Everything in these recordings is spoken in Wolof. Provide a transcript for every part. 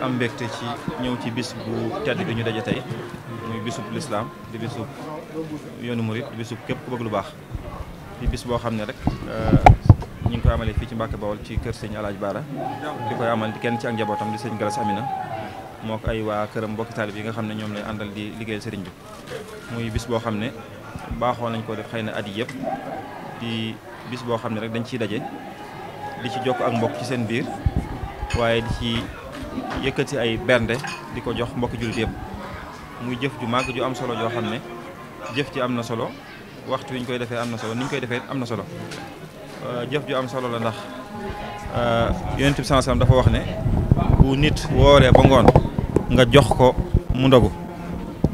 am mbégte ci ñëw ci bis bu tedd bi ñu daje tey muy bisub lislaam di bisub yoonu murit di bisub képp ku bëgg lu baax di bis boo xam ne rek euh, ñu ngi koy amalee fii ci Mbàkke Bawol ci kër sëñ Alaaj Baara di koy amal kenn ci ak njabootam di sëñ Galas Amina moo ko ay waa këram mbokki taalib yi nga xam ne ñoom lay àndal di liggéeyal sëriñ bi muy bis boo xam ne baaxoo nañ ko def xëy na at yi yëpp di bis boo xam ne rek dañ ciy daje di ci jokk ak mbokk ci seen biir yëkkati ay bernde di ko jox mbokki jullit yëpp muy jëf ju màgg ju am solo joo xam ne jëf ci am na solo waxtu wi koy defee am na solo ni koy defee am na solo euh, jëf ju am solo la ndax euh, yonent bi sallallahu dafa wax ne bu nit wooree ba ngoon nga jox ko mu ndogu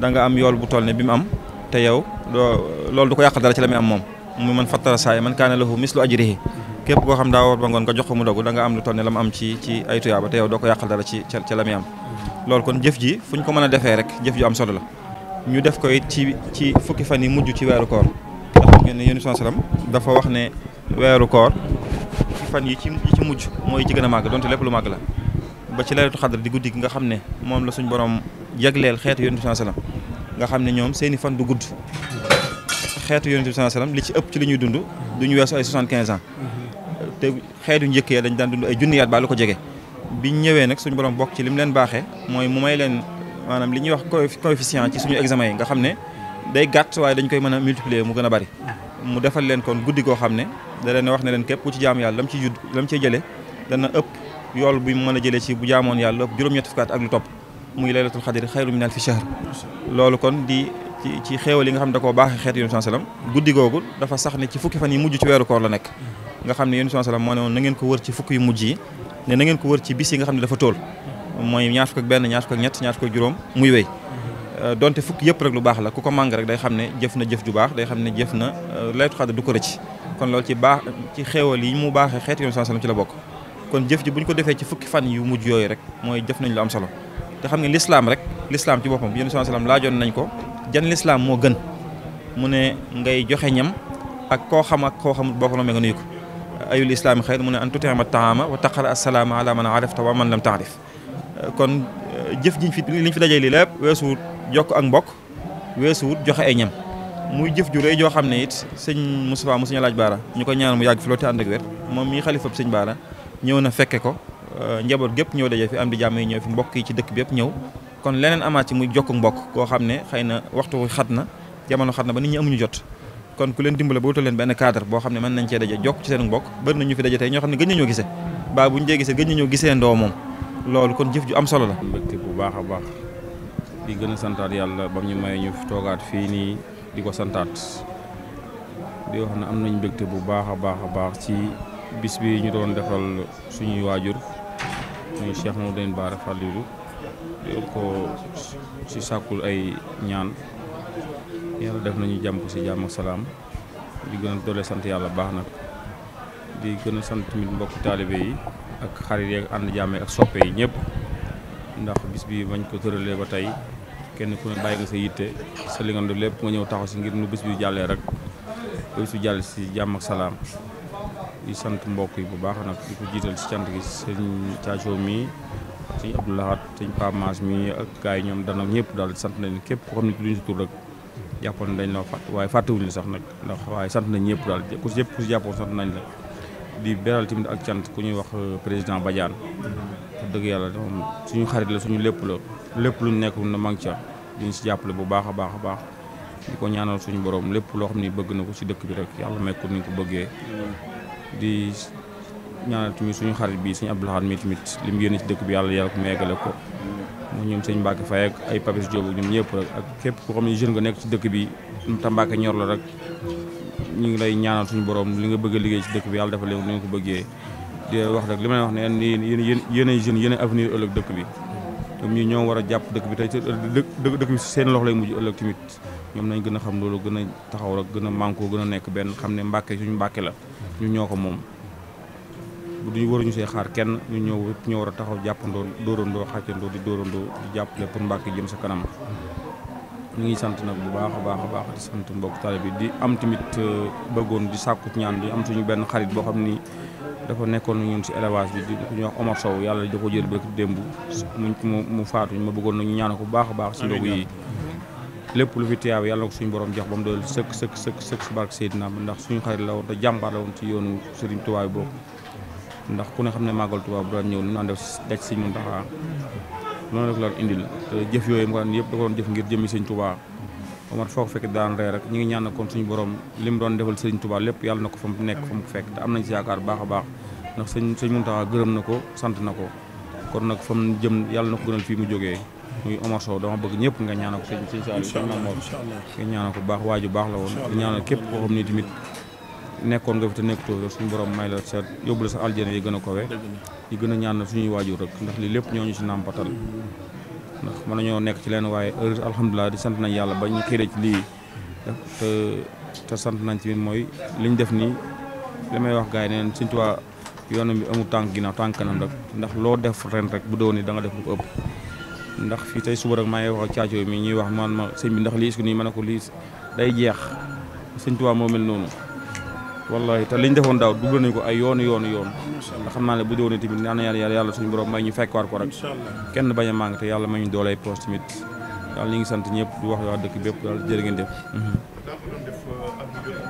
da nga am yool bu toll ne bi mu am te yow doo loolu du ko yàq dara ci la muy am moom mu man fattara saay man kaana lahu mislu ajrihi képp koo xam daa woor ba ngoon nga jox ko mu dogu da am lu toll ne la mu am ci ay tuyaaba te yow doo ko yàqal dara ci ca la muy am mm-hmm. loolu kon jëf ji fu ñu ko mën a defee rek jëf ju am solo la ñu def ko it ci ci fukki fan yi mujj ci weeru koor ndax ngeen ne yéen sallam dafa wax ne weeru koor fukki fan yi ci yi ci mujj mooy ci gën a màgg donte lépp lu màgg la ba ci laylatul xadar di guddi gi nga xam ne moom la suñ borom jagleel xeetu yoonu bi sallam nga xam ne ñoom seeni fan du gudd mm-hmm. xeetu yonent bi sallam li ci ëpp ci li ñuy dund duñu weesu ay 75 ans mm-hmm. te xeetu njëkk ya dañ daan dund ay junniyaat ba lu ko jege biñ ñëwee nag suñu borom bokk ci lim leen baaxee mooy mu may leen maanaam li ñuy wax coefficient ci suñu examen yi nga xam ne day gàtt waaye dañ koy mën a multiplier mu gën a bari mu defal leen kon guddi koo xam ne da leen wax ne leen képp ku ci jaam yàlla lam ci judd lam ciy jëlee dana ëpp yool bi mu mën a jëlee ci bu jaamoon yàlla ëpp juróom-ñetti ak lu topp muy laylatul xadir xayru min alfi shahr loolu kon di ci ci xéewal nga xam ne koo baaxee xeet yu sallam guddi googu dafa sax ne ci fukki fan yi mujj ci weeru koor la nekk nga xam ne yéen sallam moo ne woon na ngeen ko wër ci fukk yu mujj yi ne na ngeen ko wër ci bis yi nga xam ne dafa tool mooy ñaar fukk ak benn ñaar fukk ak ñett ñaar fukk ak juróom muy wéy euh, donte fukk yëpp rek lu baax la ku ko màng rek day xam ne jëf na jëf ju baax day xam ne jëf na euh, laytu xadda du ko rëcc kon loolu ci baax ci xewal yi mu baaxee xeet yéen sallam ci la bokk kon jëf ji bu ñu ko defee ci fukki fan yu mujj yooyu rek mooy jëf nañ lu am solo te xam ne lislaam rek lislaam ci boppam yéen sallam laajoon nañ ko jan lislaam moo gën mu ne ngay joxe ñam ak koo xam ak koo xamul boo ko noomee nga nuyu ayul islaami xayr mu ne an tutima taama wa taqara asalaama ala man arafta wa man lam taarif kon euh, jëf ji fi liñ fi dajee lii lépp weesuwut jokk ak mbokk weesuwut joxe ay ñam muy jëf ju rëy joo xam ne it sëñ Moustapha mu sëñ laaj baara ñu ko ñaar mu yàgg fi loolu te ànd ak wér moom mii xalifab sëñ baala ñëw na fekke ko euh, njaboot gépp ñëw dajee fi am di jàmm yi ñëw fi mbokk yi ci dëkk bi yëpp ñëw kon leneen amaat ci muy jokk mbokk koo xam ne xëy na waxtu xat na jamono xat na ba nit ñi amuñu jot kon ku leen dimbale ba wutal leen benn cadre boo xam ne mën nañ cee daje jokk ci seen mbokk bëri nañu ñu fi daje tey ñoo xam ne gëj nañoo gisee baa bu ñu jee gisee gëj nañoo gisee ndoo loolu kon jëf ju am solo la. mbégte bu baax a baax di gën a santaat yàlla ba ñu may ñu toogaat fii nii di ko santaat di wax am nañ mbégte bu baax a baax a baax ci bis bi ñu doon defal suñuy waajur muy Cheikh Mouhamadou Bara Fallilou di ko ci sàkkul ay ñaan. yàlla def nañu jàmm ko si jàmm ak salaam di gën doole sant yàlla baax nag di gën sant tamit mbokk taalibe yi ak xarit yeeg ànd jàmme ak soppe yi ñëpp ndax bis bi bañ ko tëralee ba tey kenn ku ne bàyyi nga sa yitte sa li lépp nga ñëw taxaw si ngir nu bis bi jàllee rek bis bi jàll si jàmm ak salaam di sant mbokk yi bu baax nag di ko jiital si cant gi sëñ caacoo mii sëñ Abdoulahat sëñ Pamaas mii ak gars yi ñoom dana ñëpp daal sant nañu képp koo xam ne jàppoon ne dañ la fàtt waaye fàttewuñu la sax nag ndax waaye sant nañ ñëpp daal ku si yëpp ku sant nañ la di beral tamit ak cant ku ñuy wax euh, président Badiane dëgg yàlla moom suñu xarit la suñu lépp la lépp luñ nekk na mang ca diñ si jàppale bu baax a baax baax di ko ñaanal suñu borom lépp loo xam ni bëgg na ko si dëkk bi rek yàlla may ko ni ko bëggee di ñaanal tamit suñu xarit bi suñu Abdoul Ahad mi tamit li mu yéene ci dëkk bi yàlla yàlla ko meegale ko ñoom sëñ Mbacke Faye ak ay Papis Diop ñoom ñëpp rek ak képp koo xam ne jeune nga nekk ci dëkk bi te Mbacke ñor la rek ñu ngi lay ñaanal suñu borom li nga bëgg liggéey si dëkk bi yàlla dafa leen nga ko bëggee di wax rek li may wax ne yéen yéen yeneen jeunes yéen ay avenir ëllëg dëkk bi ñoom ñi ñoo war a jàpp bi tey dëkk bi seen loxo lay mujj ëllëg tamit ñoom nañ gën a xam loolu gën a taxaw rek gën a mànkoo gën a nekk benn xam ne Mbacke suñu Mbacke la ñu ñoo ko moom duñu waruñu see xaar kenn ñu ñëw ñoo war a taxaw jàppandoo dóorandoo xàccandoo di dóorandoo di jàppale pour Mbàkke jëm sa kanam ñu ngi sant nag bu baax a baax a baax di sant mbokk taale bi di am tamit euh, bëggoon di sàkku ñaan bi am suñu benn xarit boo xam ni dafa nekkoon ñun si élevage bi di ñu wax Omar Sow yàlla da ko jël bi rek démb mu mu faatuñ ma bëggoon nañu ñaan ko bu baax a baax si ndogu yi lépp lu fi tiyaaw yàlla ko suñu borom jox ba mu dool sëkk sëkk sëkk sëkk si barke Seydina ndax suñu xarit la woon te ci yoonu Serigne boobu ndax ku ne xam ne màggal Tuubaa bu daan ñëw lu naan def daj sëñ Muntaxaa loolu rek la indil te jëf yooyu mu daan yëpp da ko doon jëf ngir jëmmi sëñ Tuubaa Omar foo ko fekk daan ree rek ñu ngi ñaan kon suñu borom li mu doon defal sëñ Tuubaa lépp yàlla na ko fa mu nekk fa mu fekk te am nañ si yaakaar baax a baax ndax sëñ sëñ Muntaxaa gërëm na ko sant na ko kon nag fa mu jëm yàlla na ko gënal fii mu jógee muy Omar Sow dama bëgg ñëpp nga ñaanal ko sëñ sëñ Saliou sëñ Mamour nga ñaanal ko baax waaju baax la woon ñaanal képp koo xam ni tamit nekkoon nga fi te nekk rek suñu borom may la sa yóbbu la sa aljana yi gën a kowe yi gën a ñaan suñuy waajur rek ndax lii lépp ñoo ñu si nàmpatal ndax mën nañoo nekk ci leen waaye heure alhamdulilah di sant nañ yàlla ba ñu xiiree ci lii te sant nañ ci mooy li def nii li may wax gars yi neen Sëñ yoonam bi amul tànk ginnaaw tànk nam rek ndax loo def ren rek bu doon ni da nga def lu ëpp ndax fii tey suba rek maa ngi wax ak caacoo mi ñuy wax man ma sëñ lii est-ce ma ne ko lii day jeex Sëñ Tuubaa moo mel noonu wallahi te liñ defoon daaw dugal nañ ko ay yoonu yoonu yoon ndax xam naa ne bu déwénee tamit ñaan na yàlla yàlla suñu borom may ñu fekkwaat ko rek kenn bañ a màng te yàlla may ñu doolay poos tamit daal ngi sant ñëpp di wax waa dëkk bépp daal jërë ngeen def euh, mm-hmm. mm-hmm. bi mm-hmm.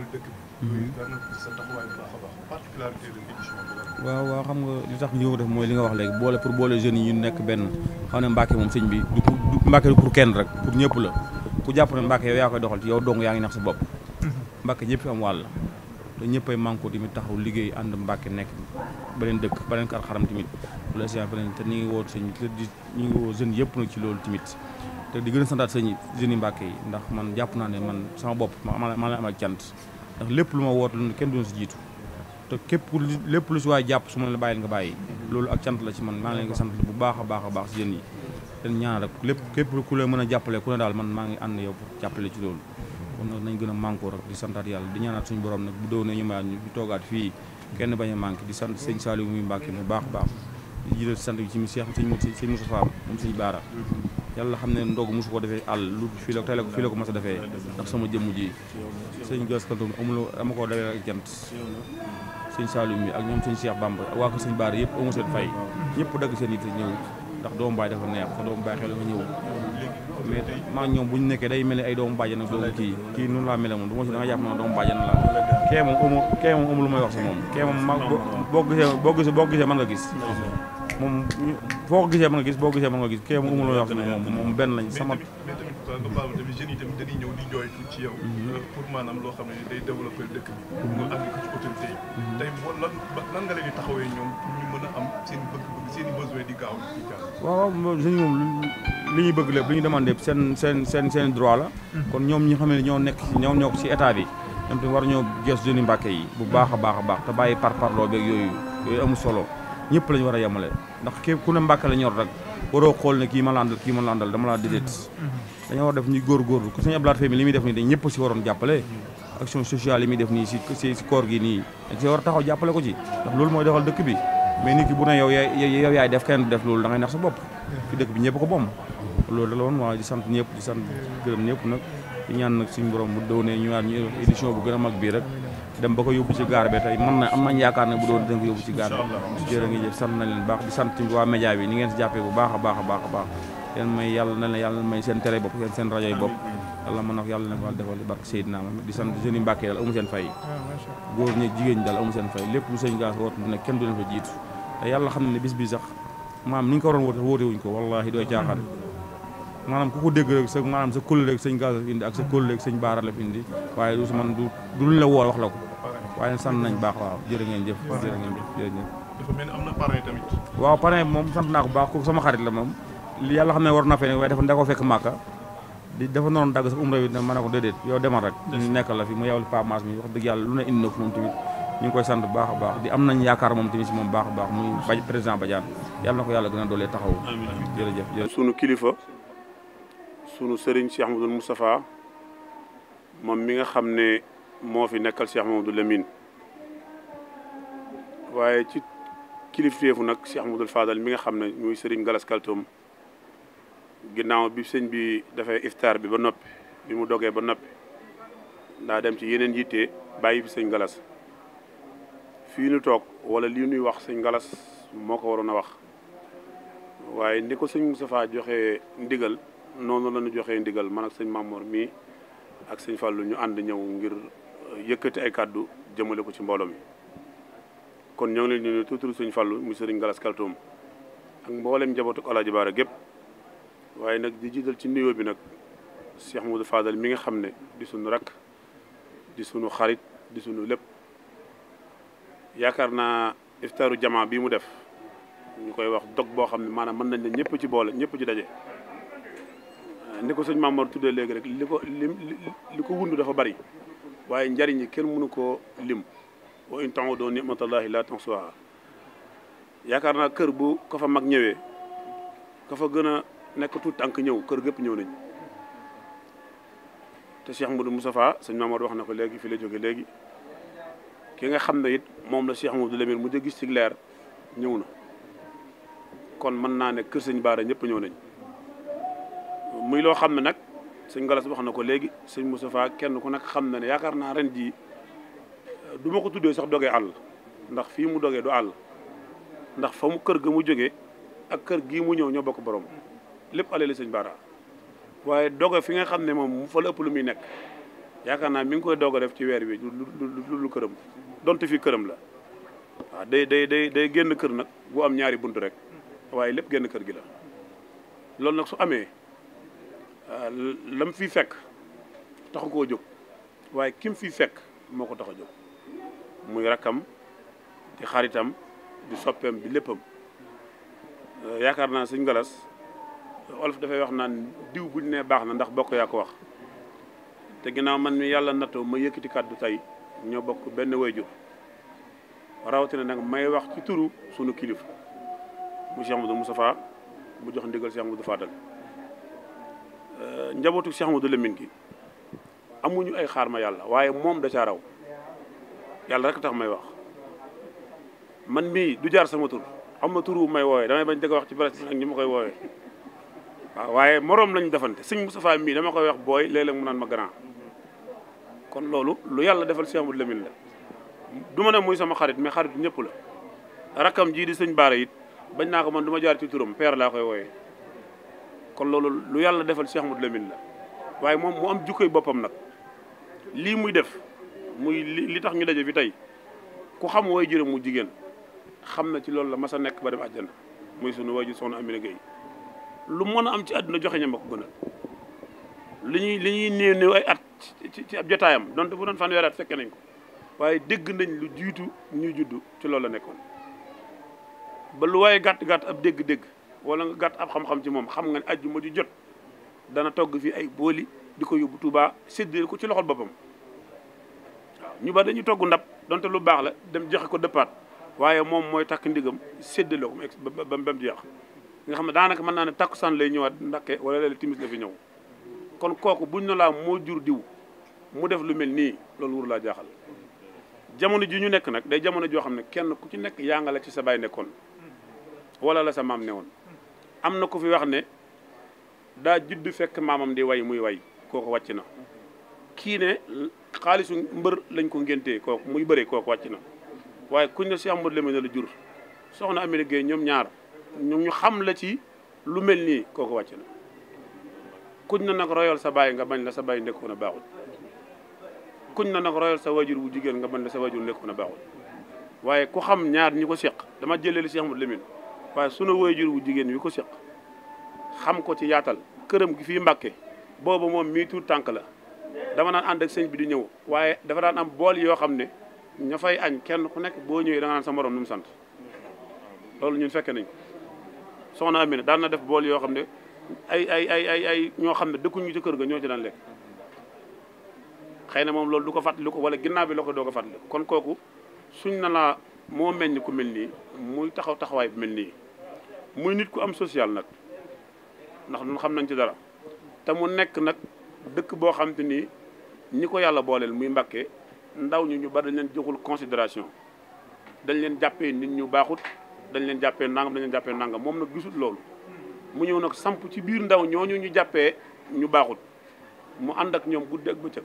de l'édition bi waaw waaw xam nga li tax ñu def mooy li nga wax léegi boole pour boole jeunes yi ñu nekk benn xam ne Mbàkke moom sëñ bi du Mbàkke du pour kenn rek pour ñëpp la ku jàpp ne Mbàkke yow yaa koy doxal ci yow dong yaa ngi nax sa bopp Mbàkke ñëpp fi am wàll te ñëppay manko tamit taxaw liggéey ànd Mbàkke nekk beneen dëkk beneen kar xaram tamit wala si beneen te ñu ngi woo sëñ ñu ngi woo jeunes yëpp nag ci loolu tamit te di gën a santaat sëñ jeunes yi Mbàkke yi ndax man jàpp naa ne man sama bopp ma ma la am ak cant ndax lépp lu ma woot lu kenn duñu si jiitu te képp lépp lu si waay jàpp su ma la bàyyil nga bàyy loolu ak cant la ci man maa ngi leen sant bu baax a a baax si jeunes yi leen ñaan rek lépp képp ku la mën a jàppale ku ne daal man maa ngi ànd yow pour jàppale ci loolu kon nag nañ gën a mànkoo rek di santaat yàlla di ñaanaat suñu borom nag bu doo ne ñu mayaat ñu toogaat fii kenn bañ a manqué di sant sëñ Saliou muy Mbàkke mu baax baax di jël sant bi ci Cheikh sëñ Moussa Fall moom sëñ Baara yàlla xam ne ndogu mosu ko defee àll fii la tey fii la ko mas a defee ndax sama jëmm ji sëñ gaskantom amul ama koo dawee ak jant sëñ Saliou mi ak ñoom sëñ Cheikh Bamba waa ko sëñ Baara yëpp amu seen fay ñëpp dagg seen it ñëw ndax doomu baay dafa neex sa doomu baay xel nga ñëw mais maa ñoom bu ñu nekkee day mel ni ay doomu bàjjan ak doomu kii kii noonu laa mel moom du ma si da nga jàpp ne doomu bàjjan la kee moom amu moom amu lu may wax si moom kee moom ma boo gisee boo gisee boo gisee mën nga gis moom foo ko gisee mën nga gis boo gisee mën nga gis kee moom lu may wax si moom moom benn lañ sama nga baal tamit jeunes yi tamit dañuy di jooytu ci yow. Mhm. Euh, pour maanaam loo xam ne day développer dëkk bi. Mhm. nga àgg ko ci autorité yi. Mhm. tey boo lan lan taxawee ñoom pour am seen di gaaw di gaaw. waaw waaw ñuy bëgg lépp li ñu demandé seen seen seen seen droit la. kon ñoom ñu xamee xam ñoo nekk ñoom ñoo ko ci état bi. ñoom war ñoo gëstu jeunes Mbàkke yi. bu baax a baax a baax te bàyyi par parloo beeg yooyu yooyu amul solo. ñëpp lañ war a yemale ndax képp ku ne Mbàkke la ñor rek a xool ne kii ma landal kii ma landal dama laa déedéet mm-hmm. dañoo war def li muy def nii dañ ñëpp si waroon jàppale action sociale yi muy def nii si si si koor gi nii dañ si war a taxaw jàppale ko ci ndax loolu mooy doxal dëkk bi mais nit ki bu ne yow yaay yow yaay def kenn du def loolu da ngay nax sa bopp fi ñëpp ko boom loolu gërëm ñëpp nag di ñaan nag suñu borom bu dëw ne ñu ñëwaat ñu édition bu gën a mag bii rek dem ba ko yóbbu ci gaar bi tey mën na am nañ yaakaar ne bu doon dina ko yóbbu ci gaar bi jërë ngi jëf sant na leen baax di sant ci waa média bi ni ngeen si jàppee bu baax a baax a baax a baax may yàlla na leen yàlla may seen télé bopp seen seen rajo bopp yàlla mën na yàlla na ko defal di barke Seydina Muhammad di sant jeunes ah, bis bi sax maanaam ni ko waroon woote woote wuñ ko wallahi dooy caaxaan maanaam ku ko dégg rek sa maanaam sa kóllëre rek sëñ gaas indi ak sa kóllëre rek wax la ko waaye sant nañ baax waaw jërë ngeen jëf jërë ngeen jëf jërëjëf moom sant naa ko baax ku sama xarit la moom yàlla xam ne war na fee waaye dafa da ko fekk màkka di dafa noonu dagg sax umra bi mën na ko déedéet yow demal rek ñu nekkal la fi mu yewal Pa Mass mi wax dëgg yàlla lu ne indi na ko moom tamit ñu koy sant baax a baax di am nañ yaakaar moom tamit si moom baax a baax muy baj président Badiane yàlla na ko yàlla gën a doolee taxawu jërëjëf sunu kilifa sunu sëriñ Cheikh Ahmadoul Moustapha moom mi nga xam ne moo fi nekkal Cheikh Mamadou Lamine waaye ci kilifteefu nag Cheikh Mamadou Fadal mi nga xam ne muy sëriñ Galas Kaltoom ginnaaw bi sëñ bi dafay iftaar bi ba noppi bi mu dogee ba noppi ndaa dem ci yeneen yitte bàyyi fi sëñ Galas fii nu toog wala lii nuy wax sëñ Galas moo ko waroon a wax waaye ni ko sëñ Moustapha joxe ndigal noonu la ñu joxee ndigal man ak sëñ Mamour mii ak sëñ Fallou ñu ànd ñëw ngir yëkkati ay kàddu jëmale ko ci mbooloo mi kon ñoo ngi leen di tuuti suñu fallu mu sëriñ Galas Kaltoum ak mboolem njabootu ak Alaaji Baara gépp waaye nag di jiital ci nuyoo bi nag Cheikh Moudou Fadal mi ngi xam ne di suñu rakk di suñu xarit di suñu lépp yaakaar naa iftaaru jamaa bii mu def ñu koy wax dog boo xam ne maanaam mën nañ ne ñëpp ci boole ñëpp ci daje ni ko sëñ Mamour tuddee léegi rek li ko li li ko wund dafa bari waaye njariñ yi kenn mënu koo lim wa in ta'udu ni'matallahi la tuhsuha yaakaar naa kër bu ko fa mag ñëwee ka fa gën a nekk tuut tànk ñëw kër gépp ñëw nañ te Cheikh Modou Moustapha sëñ Mamadou wax na ko léegi fi la jóge léegi ki nga xam ne it moom la Cheikh Modou Lamine mu gis ci leer ñëw na kon mën naa ne kër sëñ Baara ñëpp ñëw nañ muy loo xam ne nag sëñ Galas wax na ko léegi sëñ faa kenn ku nag xam na ne yaakaar naa ren jii du ma ko tuddee sax dogee àll ndax fii mu dogee du àll ndax fa mu kër ga mu jóge ak kër gii mu ñëw ñoo bokk borom lépp ale la sëñ Bara waaye doge fi nga xam ne moom fa la ëpp lu muy nekk yaakaar naa mi ngi koy doog a def ci weer wi lu lu këram donte fii këram la waaw day day day day génn kër nag bu am ñaari bunt rek waaye lépp génn kër gi la loolu nag su amee Euh, lam fi fekk taxu koo jóg waaye kim fi fekk moo ko tax a jóg muy rakkam di xaritam di soppeem di léppam euh, yaakaar naa suñ ngalas olof dafay wax naan diw buñ ne baax na ndax bokk yaa ko wax te ginnaaw man mi yàlla nattoo ma yëkkati kàddu tey ñoo bokk benn wayjur rawatina nag may wax ci turu sunu kilif mu Cheikh Moustapha mu jox ndigal Cheikh Moustapha Fadal Euh, njabootu Cheikh Amadou Lamine gi amuñu ay xaar ma yàlla waaye moom da caa raw yàlla rek tax may wax man mii du jaar sama tur am na tur wu may woowee damay bañ dëgg wax ci presse ak ñi ma koy woowee waaye moroom lañu defante sëñ Moustapha mii dama koy wax booy léeg-léeg mu naan ma grand kon loolu lu yàlla defal Cheikh Amadou Lamine la du ma ne muy sama xarit mais xarit ñëpp la rakkam jii di sëñ Baara it bañ naa ko man du ma jaar ci turam père laa koy wooyee kon loolu lu yàlla defal Cheikh Amadou Lamine la waaye moom mu am jukkoy boppam nag lii muy def muy li tax ñu daje fi tey ku xam way jërëm jigéen xam na ci loolu la mas a nekk ba dem àjjana muy sunu waajur soxna Amina lu mën a am ci àdduna joxe ñam ma ko gënal li ñuy li ñuy néew néew ay at ci ci ab jotaayam donte bu doon fanweeri at fekke nañ ko waaye dégg nañ lu jiitu ñuy juddu ci loolu la nekkoon ba lu waaye gàtt gàtt ab dégg-dégg wala nga gàtt ab xam-xam ci moom xam nga ne ajjuma ju jot dana togg fi ay booli di ko yóbbu tubaa séddale ko ci loxol boppam ñu ba dañuy togg ndab donte lu baax la dem joxe ko dëppaat waaye moom mooy takk ndigam séddale ko ba ba ba mu jeex nga xam ne daanaka mën naa ne takk takkusaan lay ñëwaat ndakke wala léeg timis la fi ñëw kon kooku buñ ne laa moo jur diw mu def lu mel nii loolu wur laa jaaxal jamono ji ñu nekk nag day jamono joo xam ne kenn ku ci nekk yaa ci sa baay nekkoon wala la sa maam newoon am na ku fi wax ne daa judd fekk maamam di way muy way kooku wàcc na kii ne xaalisu mbër lañ ko ngénte kooku muy bëree kooku wàcc na waaye kuñ ne si Amadou Lamine la jur soxna Amina Gueye ñoom ñaar ñoom ñu xam la ci lu mel nii kooku wàcc na kuñ na nag royal sa baay nga bañ la sa baay nekkoon a baaxul kuñ na nag royal sa wajur wu jigéen nga bañ la sa wajur nekkoon a baaxul waaye ku xam ñaar ñi ko seq dama jëlee li si Amadou Lamine waaye sunu waajur wu jigéen wi ko seq xam ko ci yaatal këram gi fii Mbàkke boobu moom mii tuut tànk la dama naan ànd ak sëñ bi di ñëw waaye dafa daan am bool yoo xam ne ña fay añ kenn ku nekk boo ñëwee da sa morom nu mu sant loolu ñun fekke nañ ko soxna Amina daan na def bool yoo xam ne ay ay ay ay ay ñoo xam ne dëkkuñu ci kër ga ñoo ci daan lekk xëy na moom loolu du ko ko wala ginnaaw bi la ko doo ko fàttaliku kon kooku suñ na laa moo meññ ku mel nii muy taxaw taxawaay bu mel nii muy nit ku am social nag ndax ñun xam nañ ci dara te mu nekk nag dëkk boo xam te ni ñi ko yàlla booleel muy Mbàkke ndaw ñi ñu bari dañ leen joxul considération dañ leen jàppee nit ñu baaxut dañ leen jàppee nangam dañ jàppee nangam moom nag gisul loolu mu ñëw nag samp ci biir ndaw ñooñu ñu jàppee ñu baaxut mu ànd ak ñoom guddi ak bëccëg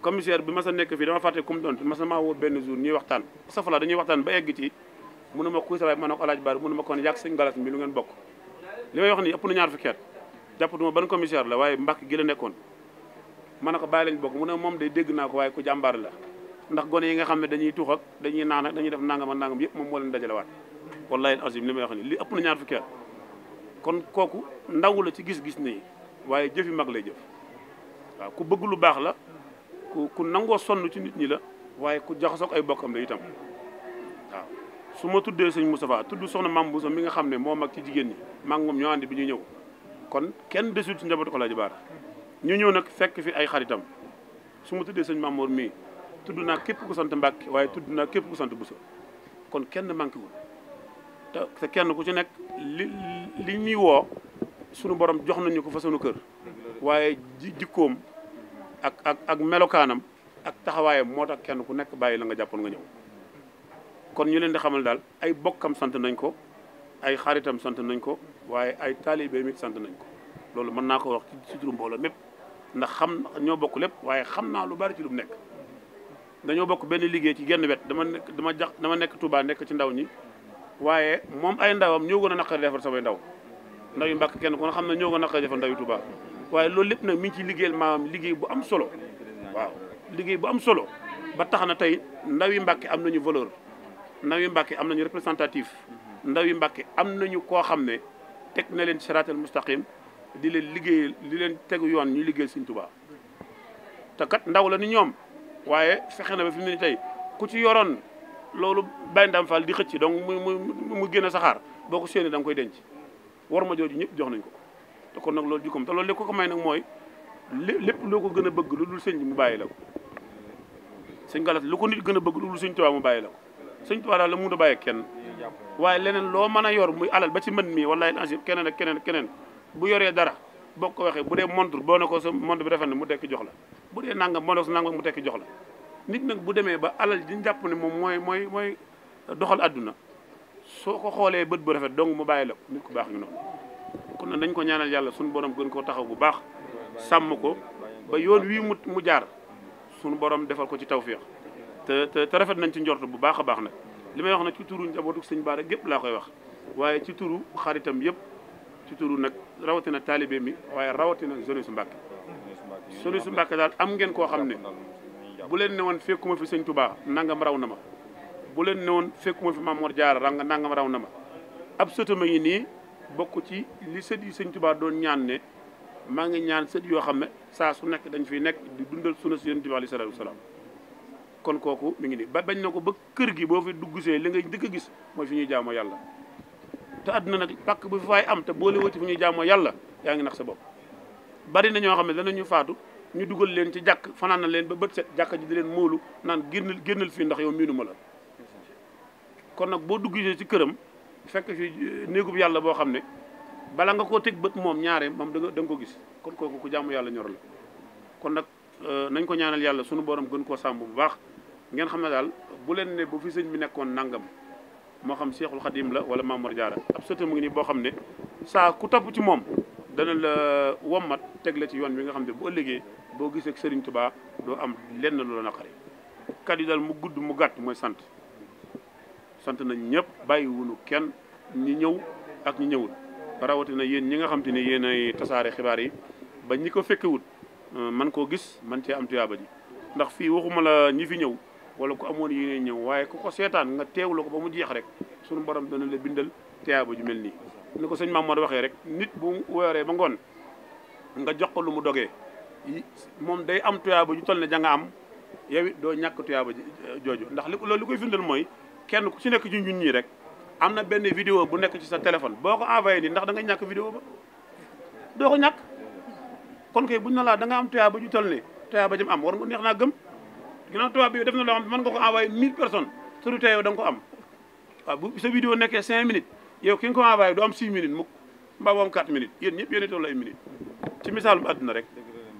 commissaire bi ma sa nekk fii dama fàtte comme doon ma sa maa benn jour ñuy waxtaan safala dañuy waxtaan ba egg ci mënu ma kuy sa waay mën a ko alaaj baar mënu ma kon yàgg sëñ galas mi lu ngeen bokk li may wax nii ëpp na ñaar fukki at jàppatuma ban la waaye mbàkk gi la nekkoon man ne ko bàyyi lañ bokk mu ne moom day dégg naa ko waaye ku jàmbaar la ndax gone yi nga xam ne dañuy tuux ak dañuy naan dañuy def nangam ak nangam yëpp moom moo leen dajalewaat wallahi azim li may wax nii li ëpp na ñaar fukki kon kooku ndawu la ci gis-gis nii waaye jëfi mag lay jëf waaw ku bëgg lu baax la ku ku nangoo sonn ci nit ñi la waaye ku jaxasoog ay bokkam la itam waaw su ma tuddee sëñ Moustapha tudd soxna Mame Bousso mi nga xam ne moo mag ci jigéen ñi maa ngi moom ñoo bi ñu ñëw kon kenn desul ci njabootu El Hadj Baara ñu ñëw nag fekk fi ay xaritam su ma tuddee sëñ Mamour mii tudd naa képp ku sant Mbacke waaye tudd naa képp ku sant Bousso kon kenn manqué wul te te kenn ku ci nekk li li ñuy woo sunu borom jox nañu ko fa sunu kër waaye ji jikkoom ak ak ak melokaanam ak taxawaayam moo tax kenn ku nekk bàyyi la nga jàppoon nga ñëw. kon ñu leen di xamal daal ay bokkam sant nañ ko ay xaritam sant nañ ko waaye ay taalibeem it sant nañ ko loolu mën naa ko wax ci turu mbooloo mépp ndax xam ñoo bokk lépp waaye xam naa lu bari ci lu mu nekk dañoo bokk benn liggéey ci genn wet dama nekk dama jax dama nekk Touba nekk ci ndaw ñi waaye moom ay ndawam ñoo gën a naqari defar samay ndaw ndaw yu mbàkk kenn kon xam ne ñoo gën a naqari defar ndaw yu Touba waaye loolu lépp na mi ngi ci liggéeyal maam liggéey bu am solo waaw liggéey bu am solo ba tax na tey ndaw yi mbàkk am nañu valeur ndaw yu Mbàkke am nañu représentatif mhm. ndaw yu Mbàkke am nañu koo xam ne teg na leen siraatal mustaqim di leen liggéeyal di leen tegu yoon ñu liggéeyal Sëñ Tuubaa te kat ndaw la ni ñoom waaye fexe na ba fi mu ne ku ci yoroon loolu Baye Ndam Fall di xëcc donc mu mu mu génn saxaar boo ko séenee da koy denc war ma jooju ñëpp jox nañ ko te kon nag loolu jikkoom te loolu li ko ko may nag mooy lépp loo ko gën a bëgg lu dul sëñ mu bàyyi la ko sëñ galas lu ko nit gën a bëgg lu dul Sëñ Tuubaa mu bàyyi la ko suñ Tuubaa daal la mu da bàyyee kenn waaye leneen loo mën a yor muy alal ba ci mën mii wallahi ansi keneen ak keneen keneen bu yoree dara boo ko waxee bu dee montre boo ne ko sa montre bi rafet na mu tekki jox la bu dee nangam boo ne ko mu tekki jox la nit nag bu demee ba alal di jàpp ne moom mooy mooy mooy doxal àdduna soo ko xoolee bët bu rafet dong mu bàyyi la nit ku baax ñu noonu kon nag nañ ko ñaanal yàlla suñu borom gën koo taxaw bu baax sàmm ko ba yoon wii mu mu jaar suñu borom defal ko ci tawféex te te rafet nañ ci njort bu baax a baax na li may wax nag ci turu njabootu sëñ Bara gépp laa koy wax waaye ci turu xaritam yëpp ci turu nag rawatina taalibe mi waaye rawatina jeunesse Mbàkke jeunesse Mbàkke daal am ngeen koo xam ne bu leen ne woon fekkuma fi sëñ Touba nangam raw na ma bu leen ne woon fekkuma fi Mamour Diarra rang nangam raw na ma ab sëtama ngi nii bokk ci li sët yi sëñ Touba doon ñaan ne maa ngi ñaan sët yoo xam ne saa su nekk dañ fi nekk di dundal sunu si yonent bi alayhi salaatu salaam kon kooku mu ngi nii ba bañ na ko ba kër gi boo fi dugg li ngay dëkk gis mooy fi ñuy jaamoo yàlla te àdduna nag pàkk bu faay am te boole wati fi ñuy jaamoo yàlla yaa ngi nax sa bopp bari na ñoo xam ne danañu faatu ñu dugal leen ci jàkk fanaan na leen ba bët set di leen móolu naan génnal génnal fii ndax yow miinuma la kon nag boo duggee ci këram fekk fi eh, yàlla boo xam ne bala nga koo teg bët moom ñaare moom da nga ko gis kon kooku ku jàmm yàlla ñor la kon nag eh, nañ ko ñaanal yàlla sunu borom gën koo sàmm bu baax ngeen xam ne daal bu leen ne bu fi sëñ bi nekkoon nangam moo xam Seexul Xadim la wala Mamour Diarra ab sëtam mu ngi nii boo xam ne saa ku topp ci moom dana la wommat teg la ci yoon wi nga xam ne boo ëllëgee boo gisee ak Serigne Touba doo am lenn lu na naqari kat yi daal mu gudd mu gàtt mooy sant sant nañ ñëpp bàyyi wunu kenn ñi ñëw ak ñi ñëwul rawatina yéen ñi nga xam te ne yéen ay tasaare xibaar yi ba ñi ko fekkewut man koo gis man cee am tuyaaba ji ndax fii waxuma la ñi fi ñëw wala ku amoon yéene ñëw waaye ku ko seetaan nga teewlu ko ba mu jeex rek sunu borom dana la bindal tiyaaba ju mel nii. ni ko sëñ Mamadou waxee rek nit bu wooree ba ngoon nga jox ko lu mu dogee moom day am tiyaaba ju toll ne ja yow it doo ñàkk tiyaaba eh, jooju ndax li loolu li koy firndal mooy kenn ku ci nekk ci ñun ñii rek am na benn vidéo bu nekk ci sa téléphone boo ko envoyé nii ndax da nga ñàkk vidéo ba doo ko ñàkk kon kay buñ na laa da am tiyaaba ju toll ne tiyaaba jëm am war nga neex naa gëm ginnaaw tubaab bi def na loo xam mën nga ko envoyé 1000 personnes te du tee ko am waaw bu sa vidéo nekkee 5 minutes yow ki nga ko envoyé du am 6 minutes mukk mbaa mu am 4 minutes yéen ñëpp yéen a toll ay minutes ci misaalum àdduna rek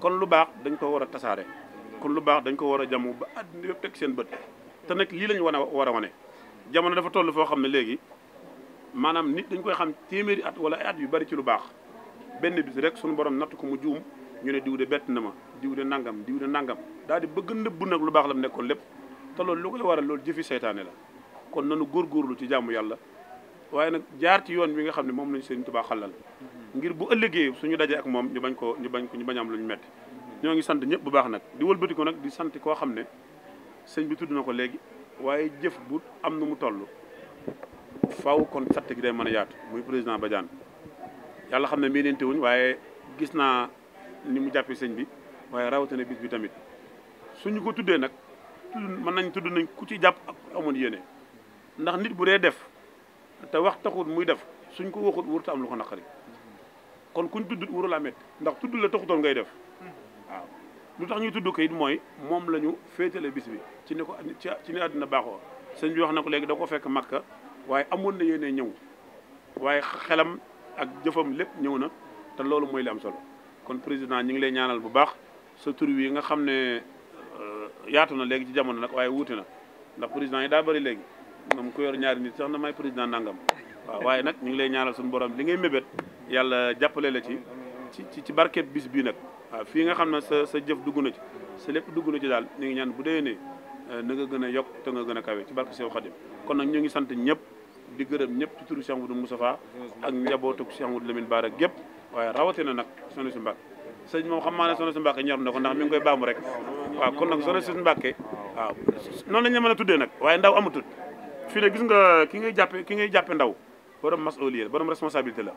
kon lu baax dañ koo war a tasaare kon lu baax dañ ko war a jamu ba àdduna yëpp teg seen bët te nag lii lañ wan a war a wane jamono dafa toll foo xam ne léegi maanaam nit dañ koy xam téeméeri at wala ay at yu bari ci lu baax benn bis rek sunu borom natt ko mu juum ñu ne diw de bett na ma diw de nangam diw nangam daal di bëgg nëbbu nag lu baax la mu nekkoon lépp te loolu lu koy waral loolu jëfi seytaane la kon nanu góorgóorlu ci jàmm yàlla waaye nag jaar ci yoon wi nga xam ne moom lañu Sëriñ Tuubaa xalal ngir bu ëllëgee suñu dajee ak moom ñu bañ ko ñu bañ ko ñu bañam lu ñu metti ñoo ngi sant ñëpp bu baax nag di wëlbati ko nag di sant koo xam ne sëñ bi tudd na ko léegi waaye jëf bu am nu mu toll faaw kon sant gi a yaatu muy président Badiane yàlla gis naa ni mu jàppee sëñ bi waaye rawatina bis bi tamit suñu ko tuddee nag mën nañ tudd nañ ku ci jàpp ak amoon yéene ndax nit bu dee def te wax taxut muy def suñ ko waxut wurta am lu ko naqari kon kuñ tudd wuru ndax tudd la taxutoon ngay def waaw lu tax ñuy tudd kayit mooy moom lañu ñu féetale bis bi ci ne ko ci ne àddina baaxoo sëñ bi wax na ko léegi da ko fekk Makka waaye amoon na yéene ñëw waaye xelam ak jëfam lépp ñëw na te loolu mooy li am solo kon président ñu ngi lay ñaanal bu baax sa tur wi nga xam ne euh, yaatu na léegi ci jamono nag waaye wuute na ndax président yi daa bëri léegi moom ku yor ñaari nit sax na may président nangam waaye nag ñu ngi lay ñaanal suñu borom li ngay mébét yàlla jàppale la ci ci ci barkeeb bis bii nag waaw fii nga xam ne sa sa jëf dugg na ci lépp dugg na ci daal ñu ngi ñaan bu déwénee euh, na nga gën a yokk te nga gën a kawe ci barke Seex Xadim kon nag ñu ngi sant ñëpp di gërëm ñëpp ci turu Cheikh Moudou Moustapha ak njabootu Cheikh Moudou Lamine Bara waaye rawatina nag soxna si Mbàkke sëñ moom xam maa ne soxna si Mbàkke ñor na ko ndax mi ngi koy baamu rek waaw kon nag soxna si Mbàkke noonu lañ la mën a tuddee nag waaye ndaw amatul fii ne gis nga ki ngay jàppe ki ngay jàppe ndaw borom mas'uliyya la borom responsabilité la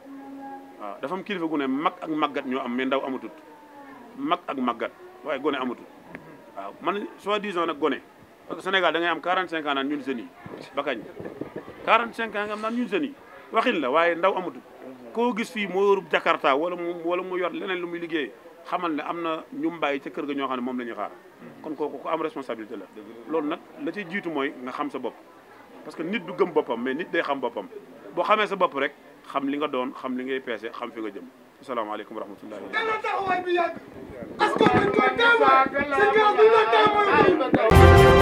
waaw dafa am kilifa gune ne mag ak màggat ñoo am mais ndaw amatul mag ak màggat waaye gone amatul waaw man soit disons nag gone parce que Sénégal da am 45 ans nga am naan ñun jeunes yi waxin la waaye ndaw amatul koo gis fii mu yorub Jakarta wala mu wala mu yor leneen lu muy liggéey xamal ne am na ñu mbàyyi ca kër ga ñoo xam ne moom la ñuy xaar hmm. kon ko ku am responsabilité la loolu nag la ciy jiitu mooy nga xam sa bopp parce que nit du gëm boppam mais nit day xam boppam boo xamee sa bopp rek xam li nga doon xam li ngay peese xam fi nga jëm asalaamaaleykum wa rahmatullahi dana